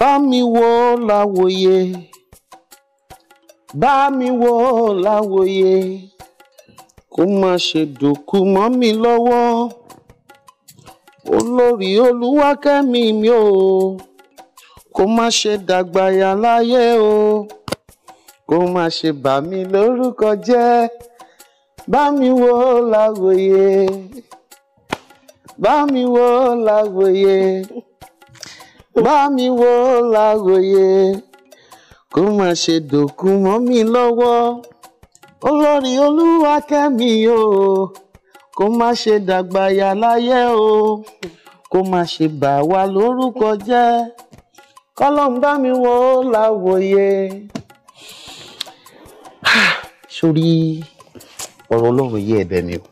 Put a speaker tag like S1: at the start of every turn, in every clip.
S1: bá mi wò láwòye bá mi wò láwòye kó má ṣe dòkú mọ́ mi lọ́wọ́ olórí olúwakẹ́mi mi ò kó má ṣe dàgbàyà láyé o kó má ṣe bà mí lórúkọ jẹ́ bá mi wò láwòye bá mi wò láwòye bá mi wò láwòye kó má ṣe dòkú mọ́ mi lọ́wọ́ olórí olúwakẹ́mi o kó má ṣe dàgbàyà láyé o kó má ṣe bà wá lórúkọ jẹ́ kọ́lọ́n bá mi wò láwòye
S2: sórí ọ̀rọ̀ ọlọ́run yé ẹ̀bẹ̀ mi o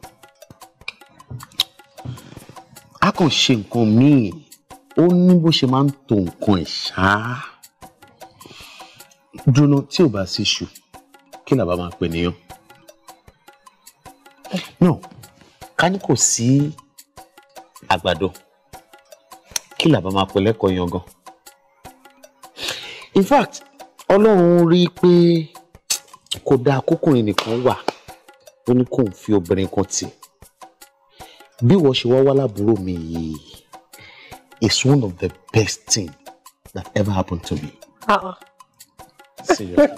S2: a kàn ṣe nǹkan míì ó ní bó ṣe máa ń to nǹkan ẹ̀ ṣáá dúró tí ò bá sí ṣù kí làbá máa pè níyàn no ká ní kò sí àgbàdo kí làbá máa pè lẹ́kọ̀ọ́ yangan in fact ọlọ́run rí i pé kò dáa kókùnrin nìkan wà ó ní kóun fi obìnrin kan tì bí wọ́n ṣe wá wá lábúrò mi yìí It's one of the best things that ever happened to me. Uh-uh. Seriously.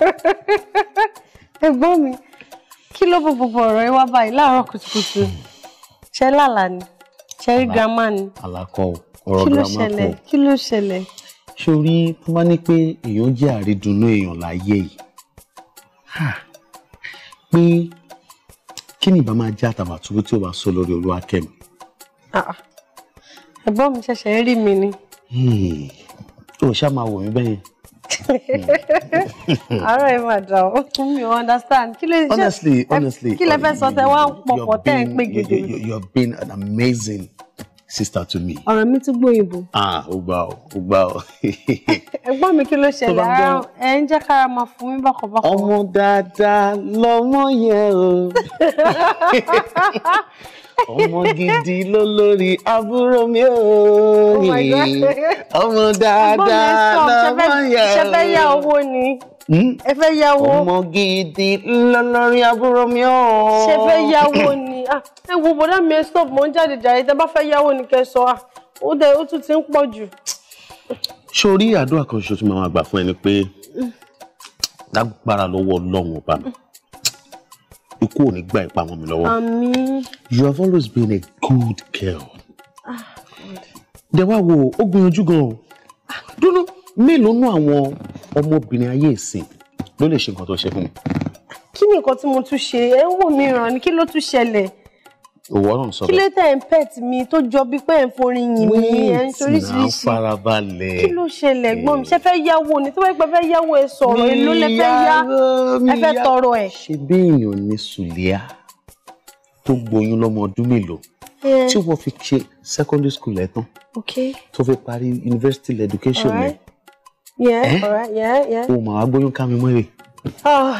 S3: Hey, mommy, kilo ló bọ̀ bọ̀ ọ̀rọ̀ ẹ wá báyìí láàárọ̀ kùtùkùtù? Ṣé lálàá ni? Ṣé rí kilo ni?
S2: Àlàkọ ọ̀rọ̀ gírámà kọ̀.
S3: Kí ló ṣẹlẹ̀?
S2: dunu tó bá ní ha èèyàn kini àrídùnnú èèyàn láyé yìí. ba kí ni ìbá máa jẹ́ àtàbàtúbú tí ó bá sọ lórí
S3: ẹ̀gbọ́n mi ṣẹ̀ṣẹ̀ rí mi ni.
S2: Hmm. o ṣá máa wò mí bẹ́yẹn.
S3: àárọ̀ ẹ máa dà ó mi ò understand kí lè ṣe honestly
S2: honestly kí lè fẹ́ sọ tẹ wá ń pọ̀pọ̀ tẹ́ ẹ pé gidi. you have been an amazing sister to me.
S3: ọ̀rọ̀ mi tún gbóyìnbó.
S2: ah ó gbà ó ó gbà ó.
S3: ẹ̀gbọ́n mi kí ló ṣẹlẹ̀ ara ah, ẹ̀ ń jẹ́ kára máa fún mi bákọ̀bákọ̀.
S1: ọmọ dáadáa lọmọ yẹn o. ọmọ gidi ló lórí àbúrò mi ò oh ọmọ dáadáa lọmọ yà ó. ṣe fẹ́ owó ni hmm? ẹ fẹ́ yáwó. ọmọ gidi lọ́lọ́rin àbúrò mi ò. ṣe fẹ́ yáwó
S3: ni ah, ẹ wo bọ́dá mi ẹ stop mò ń jáde jàre tẹ bá fẹ́ yáwó ni kẹ sọ ah, ó dẹ ó tún ti ń pọ̀ jù.
S2: sórí àdúrà kan ṣoṣo tí màá gbà fún ẹ ni pé lágbára lọ́wọ́ ọlọ́run ọba mi. Mm ikú ò ní ìpamọ́ mi lọ́wọ́.
S3: àmín.
S2: you have always been a good girl. Ah, dẹ̀wá wo ó gbìyànjú gan o dúró mélòó nú àwọn ọmọbìnrin ayé ìsìn ló lè ṣe nǹkan tó ṣe fún mi. kí
S3: ni nǹkan tí mo tún ṣe ẹ ń wò mí ràn ni kí ló tún ṣẹlẹ̀ òwò náà sọ bẹ́ẹ̀. kí ló tẹ̀ ń pet mi tó jọ bí pé ẹ̀ ń forí yin mi ẹ̀ ń
S2: soríṣiríṣi kí
S3: ló ṣẹlẹ̀ gbọ́n mi ṣe fẹ́ yáwó ni tó bá pẹ́ fẹ́ yáwó ẹ sọ̀rọ̀ èló lẹ fẹ́ yá ẹ fẹ́ tọrọ ẹ̀.
S2: ṣe bí èèyàn ní sùlíà tó gboyún lọ́mọ ọdún mélòó tí wọ́n fi ṣe secondary school ẹ̀ tán tó fi parí university education ẹ̀ ó máa gbóyún ká mi mọ́lẹ̀
S3: ah,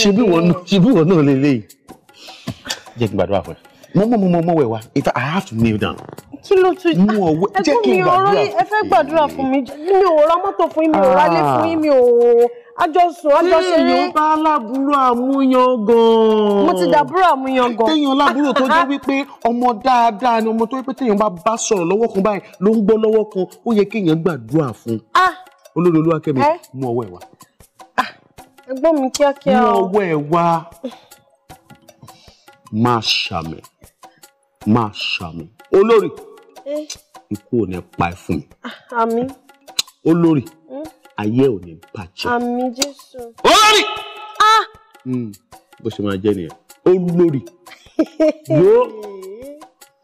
S3: ṣe
S2: bí wọn náà lélẹ́yìí jẹ́ kí n gbàdúrà fún ẹ mo mọ mo mọ mo wẹ̀ wá in fact i have to kneel down. kí ló tún mú ọwọ́ ah, jẹ́ kí n gbàdúrà fún mi.
S3: ẹ fẹ́ gbàdúrà fún mi mi ò ra mọ́tò fún yín mi ò rálé fún yín mi ò àjọsùn àjọṣe yín. téèyàn
S1: bá lábúrò
S2: àmúyan gan. mo ti dàbúrò àmúyan gan. téèyàn lábúrò tó jẹ́ wípé ọmọ dáadáa ni ọmọ tó wípé téèyàn bá bá sọ̀rọ̀ lọ́wọ́ kan báyìí ló ń gbọ́ lọ́wọ́ kan ó yẹ kéèyàn gbàdúrà fún. Ah! olórí olúwa kẹ́mi eh? mú ọwọ́ ẹ̀ wá.
S3: Ah! ẹ̀gbọ́n mi kíákíá mú ọwọ́
S2: ẹ̀ wá má ṣàmì má ṣàmì olórí ikú ò ní pa ẹ́ fún mi. Ah, àmín. olórí hmm? ayé ò ní bàjẹ́.
S3: àmín jésù. olórí. Ah!
S2: Hmm. bó ṣe máa jẹ́ nìyẹn olórí yóò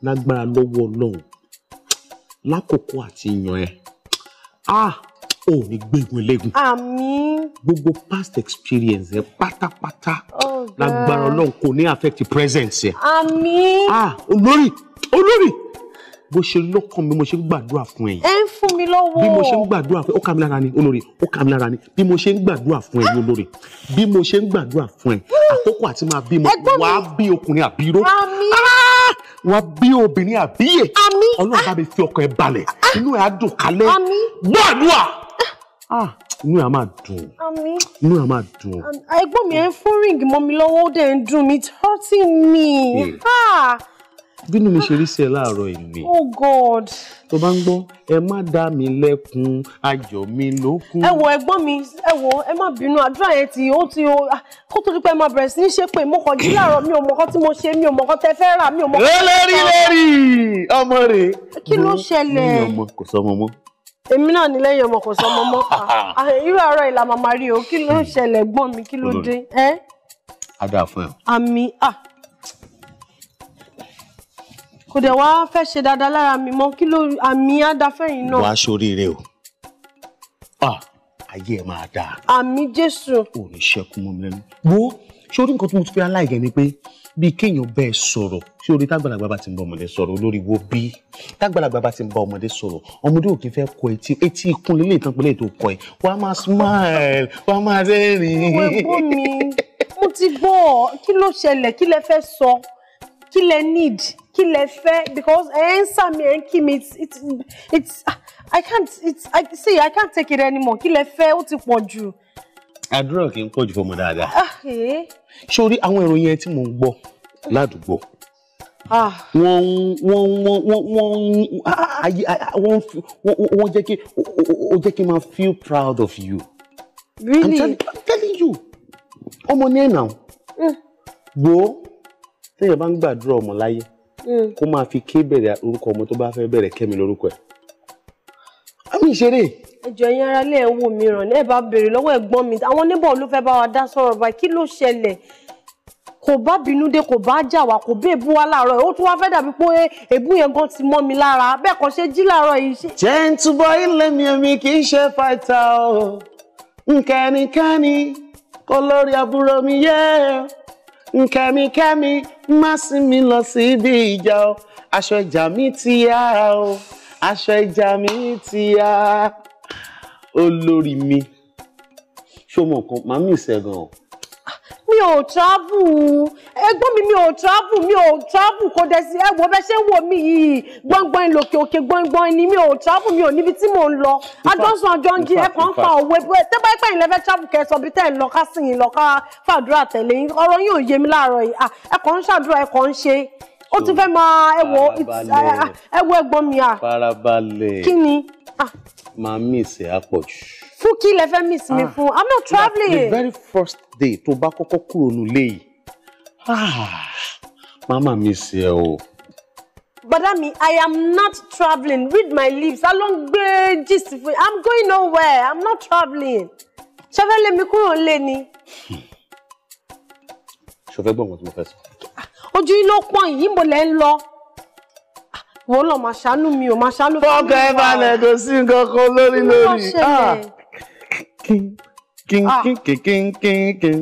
S2: lágbára lọ́wọ́ ọlọ́run lákòókò àti yan ẹ. Ah! ò ní gbégun eléegun.
S3: àmín.
S2: gbogbo past experience ẹ pátápátá
S3: oh, lágbára ọlọ́run
S2: kò ní affect presence ẹ.
S3: àmín. ah
S2: olórí olórí bó ṣe lọ́kàn mi mo ṣe ń gbàdúrà fún ẹ̀yin. ẹ
S3: ń fún mi lọ́wọ́. bí mo ṣe ń
S2: gbàdúrà fún ẹ ó kà mí lára ni olórí ó kà mí lára ni bí mo ṣe ń gbàdúrà fún ẹ̀yin olórí bí mo ṣe ń gbàdúrà fún ẹ àkókò àti máa bímọ wàá bí ọkùnrin àbíró. àmín. Ah, wọn bí obìnrin àbíyè ọlọ́run bá mi fi ọkàn ẹ balẹ̀ ah, ah. inú ẹ á dùn kálẹ̀ gbọ́ àdúrà ah. inú ẹ á máa dùn inú ẹ á máa dùn.
S3: ẹ̀gbọ́n mi ẹ ń fún ríǹgì mọ́ mi lọ́wọ́ ó dẹ̀ ń dùn mí it's hurting Yeah. Ah
S2: bínú mi ṣe rí sí ẹ láàárọ̀ ìlú.
S3: oh god.
S2: tó bá ń gbọ́ ẹ má dá mi lẹ́kun ayọ̀ mi ló kún. ẹ
S3: wo ẹ̀gbọ́n mi ẹ wo ẹ má bínú àdúrà yẹn tí ó ti o ah, kó tó di pé bẹ̀rẹ̀ sí ní ṣe pé mo kàn jí láàárọ̀ mi ò mọ̀kọ́ tí mo ṣe mi ò mọ̀kọ́ tẹ fẹ́ rà mi ò mọ̀kọ́. lórí lórí
S2: ọmọ rẹ. kí ló ṣẹlẹ̀. mi ò mọ kò sọ ọmọ mọ
S3: èmi náà ní lẹ́yìn ọmọ kò sọ ọmọ
S2: mọ́ ah,
S3: ah, irú àárọ̀ ìlà màmá rí o kí ló ṣẹlẹ̀ gbọ́n mi kí ló dé. a dáa fún ẹ. àmì ah kò dẹ̀ wá fẹ́ ṣe dáadáa lára mi mọ́ kí ló àmì àdáfẹ́yìn náà. wàá
S2: ṣoríire o ah. ayé ẹ máa dáa. àmì jésù. ò ní ṣẹ́kù mọ́ mi lẹ́nu. wo sórí nǹkan tí mo ti fi aláìgẹ̀ ni pé bíi kéèyàn bẹ́ẹ̀ sọ̀rọ̀ tí orí tágbàlagbà bá ti ń bá ọmọdé sọ̀rọ̀ olórí wo bí tágbàlagbà bá ti ń bá ọmọdé sọ̀rọ̀ ọmọdé ò kì fẹ́ kọ etí etí ikún lélẹ̀ ìtàn pẹ̀lẹ́ tó kọ ẹ̀ wà á máa smile wà á máa rẹ́rìn-ín. ìwé bó
S3: mi mo ti bọ̀ kí ló ṣẹlẹ̀ kí lẹ fẹ́ sọ kí lẹ need kí lẹ fẹ́ because ẹ ń sàmì ẹ ń kí mi it's it's i can't it's i see i can't take it anymore kí lẹ fẹ́ ó ti pọ̀ jù.
S2: àdúrà kì í pọ̀ jù fọmọ dáadáa. sórí ah, eh. àwọn ìròyìn ẹ tí mò ń gbọ́ ládùúgbò ah. wọ́n wọ́n wọ́n wọ́n wọ́n ah, jẹ́ kí ó jẹ́ kí n máa feel proud of you. really i'm telling you ọmọ ní ẹ̀ náà mm. wo téèyàn bá ń gbàdúrà ọmọ láyé. Mm. kó máa fi ké bẹ̀rẹ̀ orúkọ ọmọ tó bá fẹ́ bẹ̀rẹ̀ kẹ́mi lórúkọ ẹ̀ àmì ìṣeré.
S3: ẹjọ yẹn ara lẹ ẹ wò mí ràn ẹ bá béèrè lọ́wọ́ ẹ̀gbọ́n mi àwọn níbọ ló fẹ́ bá wa dá sọ̀rọ̀ báyìí kí ló ṣẹlẹ̀ kò bá bínú dé kò bá jà wá kò bá èbú wa láàárọ̀ ó tún wáá fẹ́ dàbí pé
S1: èbú yẹn gan ti mọ́ mi lára bẹ́ẹ̀ kọ́ ṣe jí láàárọ̀ yìí ṣe. jẹ́ǹtúbọ̀ ilé mi èmi kì í ṣe fàìtà o nkẹ́nikẹ́ni kó lórí àbúrò mi yẹ́ nkẹ́mikẹ́mi má sí mi lọ síbi ìjà o aṣọ
S2: ìjà mi ti yá o aṣọ ìjà mi ti yá olórí mi ṣó mọ̀ nǹkan màmí ìṣẹ́gun o mi
S3: ò travel ẹ̀gbọ́n mi mi ò travel mi ò travel kò dẹ̀ sí ẹ̀wọ̀ bẹ́ẹ̀ ṣe ń wò mí yìí gbọ́ngbọ́n lòkè òkè gbọ́ngbọ́n ni mi ò travel mi ò níbi tí mò ń lọ adọ́sùn àjọ ń jí ẹ̀kan kan òwe tẹ́gbà pẹ́ yìí lẹ́fẹ́ travel kẹ́ sọ bí tẹ́ ẹ̀ lọ ká sìn yín lọ ká fàdúrà tẹ̀lé yín ọ̀rọ̀ yín ò yé mi láàárọ̀ yìí ẹ̀kan ń ṣàdúrà ẹ̀kan ń ṣe ó ti fẹ́ máa ẹ̀wọ̀ ẹ̀gbọ́n mi à kí ni
S2: máa miss ẹ á pọ̀
S3: fún kí lẹ fẹ́ miss mi ah, fún i'm not travelling. the
S2: very first day tó bá kọ́kọ́ kúrò nílé yìí màmá ah, miss ẹ o.
S3: Bàdá mi, I am not traveling. Read my lips. A ló gbé gist fún mi. I'm going nowhere. I'm not traveling. Ṣọ́fẹ́ lé mi kúrò lé ni.
S2: Ṣọ́fẹ́ gbọ́ nǹkan tí mo fẹ́ sọ.
S3: Ah, ojú yín ló pọ́n yìí, mo lẹ́ ń lọ wọ́n lọ máa ṣàánú mi ò máa ṣàánú fún mi. fọ́ọ̀kẹ́ ẹ bá lẹ̀
S2: kó sí nǹkan
S1: kan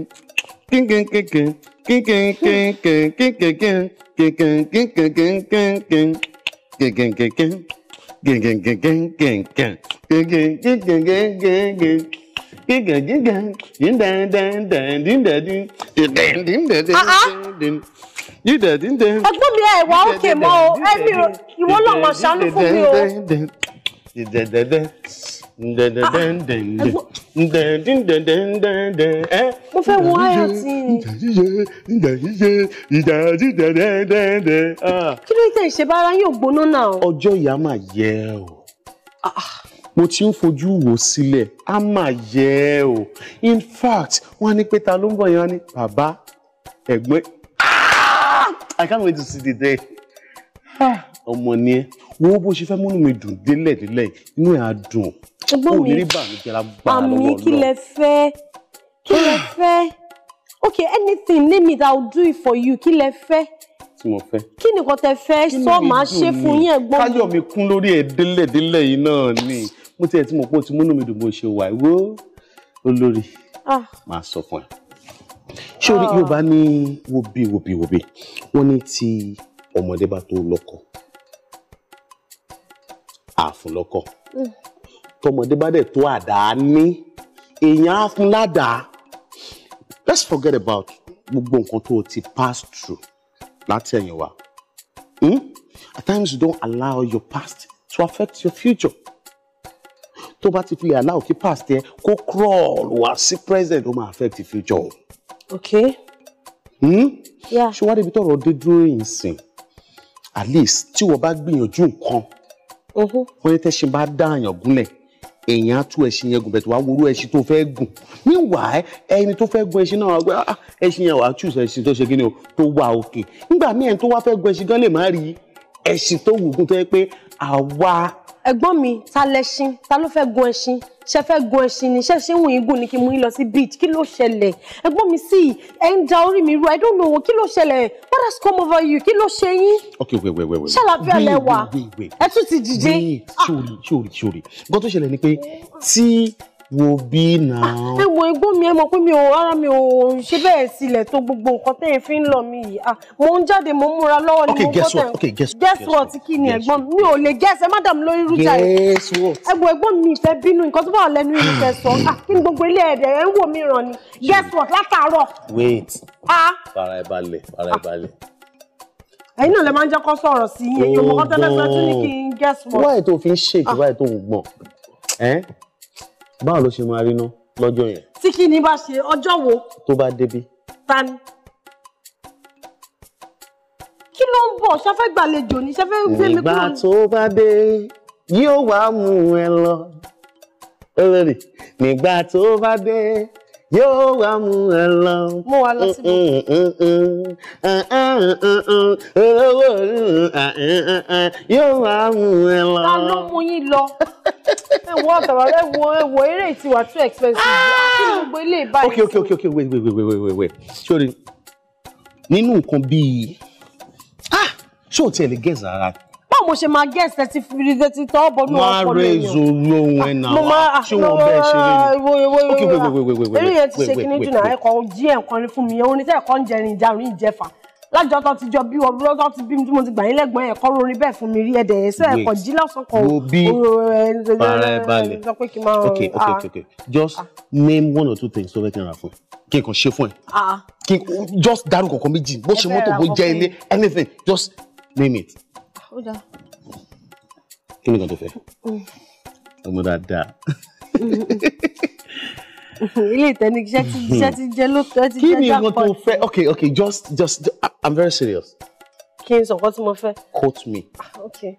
S1: gígan gígan díndàndàndàn díndàndín díndàndín díndàndín. ẹ̀gbọ́n mi ẹ wà òkè mọ o
S3: ẹbí ìwọ náà mọ ṣàánú fún mi o.
S2: Eh? mo fẹ́ wọ ayọ̀ tí. Ah.
S3: kí ló dé tẹ̀ ṣe bára yóò gbóná náà.
S2: ọjọ́ ìyá máa yẹ o. Ah, ah mo ti ń fojú wò sílẹ̀ á mà yẹ ẹ o in fact wọ́n á ní pé ta ló ń bọ̀ yẹn wọ́n ní bàbá ẹ̀gbọ́n ah! I can't wait to see the day ah! ọmọ ni ẹ wo bó ṣe fẹ́ múnú mi dùn délẹ̀ délẹ̀ inú ẹ̀ á dùn ó ní rí bàmíjẹ́ lágbára lọ́wọ́ náà. àmì kí lẹ
S3: fẹ́ kí lẹ ah! fẹ́ okay anything name it I will do it for you kí lẹ fẹ́ tí mo fẹ́. kí nìkan tẹ fẹ́ sọ máa
S2: ṣe fún yín ẹ̀gbọ́n mi. káyọ̀ mi kún lórí ẹ̀ délẹ̀délẹ̀ yìí náà ni mo tiẹ̀ ti mọ̀ pé o ti múnú mi dùn bó ṣe wà ìwó olórí ah. máa sọ fún ẹ. sórí ah. yorùbá ní wobi wobi wobi wọ́n ní tí ọmọdé bá tó lọ́kọ àfún lọ́kọ hmm. tọmọdé bá dẹ̀ tó àdá ní èèyàn á ládàá let's forget about gbogbo nǹkan tó o ti pass through láti ẹ̀yìn wa. Hmm? At times you don't allow your past to affect your future tó bá ti fi lè allow kí past yẹn kó crawl wá sí present ó máa affect future. ok. Hmm? ṣé wàá débi tọrọ dé dúró yìí sìn at least tí wọ́n bá gbìyànjú nǹkan uh-huh. wọ́n yẹn tẹ́sí bá dáàyàn gúnlẹ̀ èèyàn á tú ẹṣin yẹn gùn bẹ̀tẹ̀ wá wúrú ẹṣin tó fẹ́ gùn níwàá ẹni tó fẹ́ gun ẹṣin náà wá ah, ah, ẹṣin yẹn wàá choose ẹṣin tó ṣe kíni o tó wà òkè nígbà míì ẹni tó wá fẹ́ gun ẹṣin gan lè má rí ẹṣin tó wù gùn tó yẹ pé àwa
S3: ẹ̀gbọ́n mi ta lẹ́ṣin ta ló fẹ́ gun ẹṣin ṣe fẹ́ gun ẹṣin ni ṣe ṣe ń wù yín gùn ni kí n mú yín lọ sí beach kí ló ṣẹlẹ̀ ẹ̀gbọ́n mi sì ẹ̀ ń da orí mi rú I don't know kí ló ṣẹlẹ̀ what has come over you kí ló ṣe yín.
S2: ok wait wait wait wait ṣàlàfíà lẹwà ẹ tún ti dìde. wait sori sori sori nǹkan tó ṣẹlẹ̀ ni pé tí wo bí náà. ẹ
S3: mọ igbó mi ẹ mọ pé mi ò ara mi ò ṣe bẹ́ẹ̀ sílẹ̀ tó gbogbo nǹkan tẹ́yìn fi ń lọ mi yìí ah ń jáde mo ń múra lọ́wọ́ ni mo gbọ́ tẹ̀ okay guess what guess what kí ni ẹ̀gbọ́n mi ò lè guess ẹ má dàmú lórí irújà yìí guess what ẹ mọ ẹ̀gbọ́n mi ìfẹ́ bínú nǹkan tó bá wà lẹ́nu irú fẹ́ sọ kí ni gbogbo ilé ẹ̀dẹ̀ ẹ̀ ń wò mí ràn ni guess what látàárọ̀.
S2: wait fara ẹ balẹ̀ fara ẹ ah. balẹ̀
S3: ẹ̀yin náà lè máa ń jẹ́ kó sọ̀rọ̀ sí
S2: iye báwo ló ṣe máa rí ná lọ́jọ́ yẹn.
S3: tí kí ni bá ṣe ọjọ́ wo. tó bá débi. ta ni. kí ló ń bọ̀ ṣafẹ́ gbàlejò ni ṣafẹ́ gbé mi kúrò. nígbà
S1: tó bá dé yóò wá mú ẹ lọ. nígbà tó bá dé Yo, I'm alone. Alone. Alone.
S2: yóò Alone. mú ẹ Alone. mú wa Alone. síbi. owó Alone. wá mú Alone. lọ. ta Alone.
S3: mú yín Alone. ẹ wọ Alone. rẹ wọ Alone. wọ eré Alone. too expensive. Alone. ló gbé Alone. ìbáyìí. ok Alone.
S2: ok ok Alone. wait wait Alone. wait wait Alone. nínú nǹkan Alone. ah ṣé Alone. tiẹ̀ lè Alone. rárá
S3: báwo mo ṣe máa gé ẹsẹ̀ ti fi rí ti tọ́ bọ́ ní ọkọ lẹ́yìn. wọ́n á rẹ ìzò
S2: lóhun náà wá ah, ṣé wọ́n bẹ́ẹ̀ ṣe lé ní. eré yẹn ti ṣe kíní jù náà ẹ̀kọ́
S3: jí ẹ̀kan ní fún mi òun ni tẹ́ ẹ̀kọ́ ń jẹrin ìjarun ìjẹfà lájọ tó ti jọ bí wọn bí wọn ti bí mo ti gbà yín lẹ́gbọ̀n ẹ̀kọ́ rorin bẹ́ẹ̀ fún mi rí ẹ̀dẹ̀ ẹ̀sẹ̀ ẹ̀kọ́ jí lásán kan òru ara ẹ̀ balẹ̀ ok ah. ok ok
S2: just ah. name one or two things tó fẹ́ kí n ra fún kí n kàn ṣe fún ẹ kí n just dárúkọ kan méjì bó ṣe mọ́tò bó jẹ́ ilé anything just name it ó dáa. kí ni kan tó fẹ́ ọmọ dáadáa.
S3: ilé ìtẹ́ni iṣẹ́ ti iṣẹ́ ti jẹ́ ló tẹ́ ti jẹ́ jackpot. kí ni nǹkan
S2: tó fẹ́ mm. mm-hmm. mm-hmm. okay okay just just i'm very serious.
S3: kí n sọ nǹkan tí mo fẹ́. quote me. Ah, okay.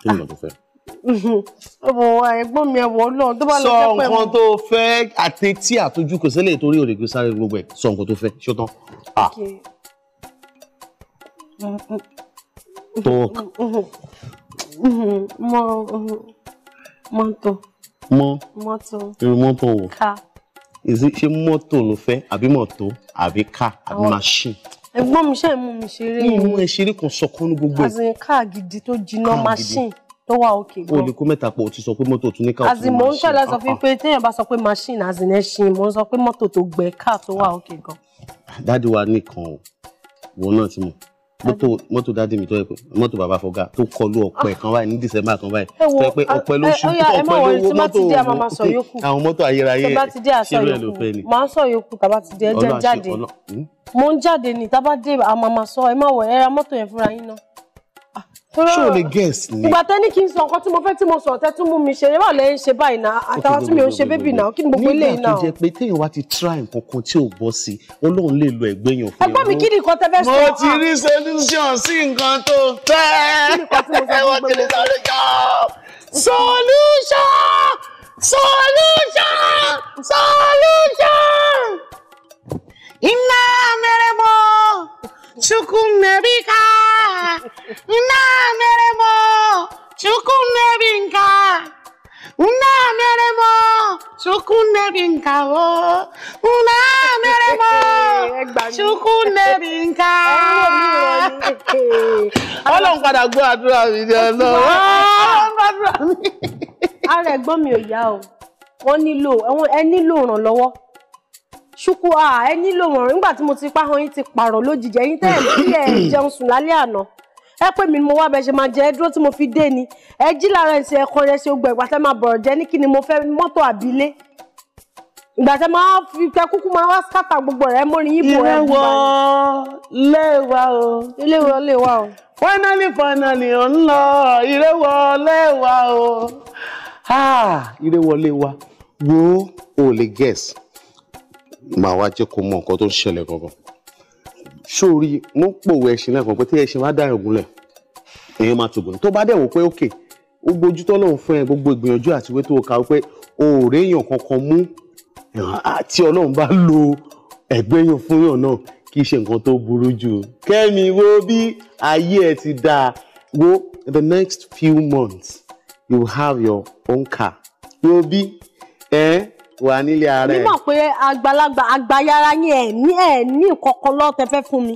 S3: kí ni nǹkan tó fẹ́. Mm-hmm. ọmọ ẹ̀gbọ́n mi ẹwọ Ọlọ́run tó bá lọ jẹ pẹ mọ. sọ nǹkan
S2: tó fẹ́ àti tí àtúnjú kò sílẹ̀ torí òde sáré gbogbo ẹ̀ sọ nǹkan tó fẹ́ ṣó tán.
S3: Ah. Ток. Мо... moto Mọ́. Mọ́tò.
S2: Irú mọ́tò wo? Ká. Ṣé mọ́tò ló fẹ́ àbí mọ́tò àbí ká àbí machine?
S3: Ẹ̀gbọ́n mi ṣe mú mi ṣeré. Ní ìmú
S2: ẹ̀ṣeré kan sọkún ní gbogbo ẹ̀. Àzìn
S3: ká gidi tó jiná machine tó wà òkè O lè
S2: kó mẹ́ta pọ̀ o ti sọ pé mọ́tò tún ní ká òtún machine. Àzìn mò ń tọ́lá sọ ah, fún ah.
S3: pé téèyàn bá sọ pé machine àzìn ẹṣin mò ń sọ pé mọ́tò tó gbẹ ká tó wà òkè gan.
S2: Ah, Dádì wa nìkan o, wọn náà ti mọ̀ mọ́tò mọ́tò dáadé mi tó yẹ pé mọ́tò bàbá fọgá tó kọlu ọ̀pẹ kan báyìí ní dísẹ́mbà kan báyìí tó yẹ pé ọ̀pẹ ló ṣubú ọ̀pẹ ló wo mọ́tò àwọn mọ́tò ayérayé ṣẹlẹ̀ ló fẹ́ ni. màá
S3: sọ yòókù tàbá ti dé ẹjẹ jáde hmm? mo ń jáde ní tábà dé àmàmà sọ ẹ má wọ ẹ ra mọ́tò yẹn fúnra yín náà ṣé o lè ah.
S2: guess ni. ìgbà
S3: tẹ ní kí n sọ nǹkan tí mo fẹ́ tí mo sọ tẹ tún mú mi ṣe yẹn báwo lẹ ń ṣe báyìí náà àtàwọn tí mi ò ṣe bébì náà kí ni gbogbo ilé yìí náà. nígbà tó jẹ
S2: pé téèyàn wá ti try nǹkan kan tí ò bọ́ sí Ọlọ́run lè lo ẹgbẹ́ yẹn fún
S1: yẹn. ẹgbọ́n mi kí ni nǹkan fẹ́ sọ. mo ti rí solution sí nǹkan tó fẹ́. ẹ wọ́n ti rí solution solution solution iná mẹ́rẹ̀mọ́ chukwumerika naa mere m chukwu nne bi nka nna mere m chukwu nne bi nka mi nna mere m chukwu nne bi nka. ọlọ́run padà gbọ́ àdúrà mi ni ọlọ́run
S3: ààrẹ ẹ̀gbọ́n mi ò yá o wọ́n nílò ẹ nílò ìrànlọ́wọ́. ṣùkú à ẹ nílò wọn nígbà tí mo ti pa hàn yín ti pààrọ̀ lójijì ẹ̀yin tẹ́ ẹ̀ ń ẹ̀ jẹun sùn lálẹ́ àná ẹ pè mo wá bẹ ṣe máa jẹ ẹ tí mo fi dé ni ẹ jí lára ẹ ẹkọ rẹ ṣe gbọ ìgbà máa jẹ ní kí fi kúkú máa wá gbogbo rẹ ẹ o léwa o léwa o.
S1: finally finally ò ń lọ o
S2: ah, máa wá jẹ́ kó mọ nǹkan tó ń ṣẹlẹ̀ gangan sórí wọ́n pòwe ẹṣin lẹ́ẹ̀kan pé tí ẹṣin bá dá ẹ̀gùn èèyàn máa tògùn tó bá dẹ̀ wò pé òkè ó gbójú tọ́lọ́run fún ẹ gbogbo ìgbìyànjú àti wé tó o kà ó kankan mú àti ọlọ́run bá lo ẹ̀gbẹ́yàn fún yàn náà kì í ṣe nǹkan tó burú jù kẹ́mi wo bí ayé ẹ ti dáa wo the next few months you have your own car wo bí ẹ wà nílé ara ẹ̀. mímọ̀
S3: pé àgbàlagbà àgbàyàrá yín ẹ̀ ní ẹ̀ ní ìkọ̀kọ̀ lọ́ọ́ tẹ fẹ́ fún mi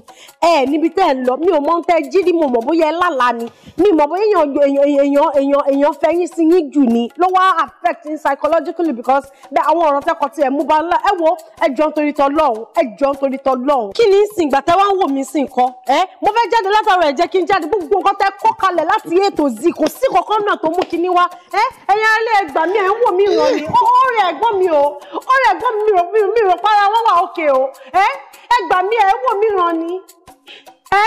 S3: ẹ̀ níbi tẹ́ ẹ̀ lọ mi ò mọ̀ tẹ́ jí ni mo mọ̀ bóyá ẹ lálàá ni mi mọ̀ bóyá èèyàn èèyàn èèyàn èèyàn fẹ́ yín sí yín jù ni ló wá affect in psychologically because bẹ́ẹ̀ àwọn ọ̀rọ̀ tẹ́kọ̀ tí ẹ̀ mú bá ńlá ẹ wo ẹ jọ nítorí tọ́ lọ́hùn ẹ jọ nítorí tọ́ lọ́hùn. kí ni sìn ìgbà tẹ́ wá ń wò mí sí nǹkan ẹ mo fẹ́ jáde látara ẹ̀ jẹ́ kí n jáde gbogbo nǹkan tẹ́ kọ́ kalẹ̀ láti A to Z kò sí kankan náà tó mú kinní wá ẹ ẹ̀yin alẹ́ ẹgbàá mi ẹ̀ ń wò mí ràn ní ọ̀rẹ́ ẹ̀gbọ́n mi o ọ̀rẹ́ ẹ̀gbọ́n mi rò mi rò para wọn wà òkè o ẹ ẹ gbà mí ẹ wò mí ràn ni ẹ.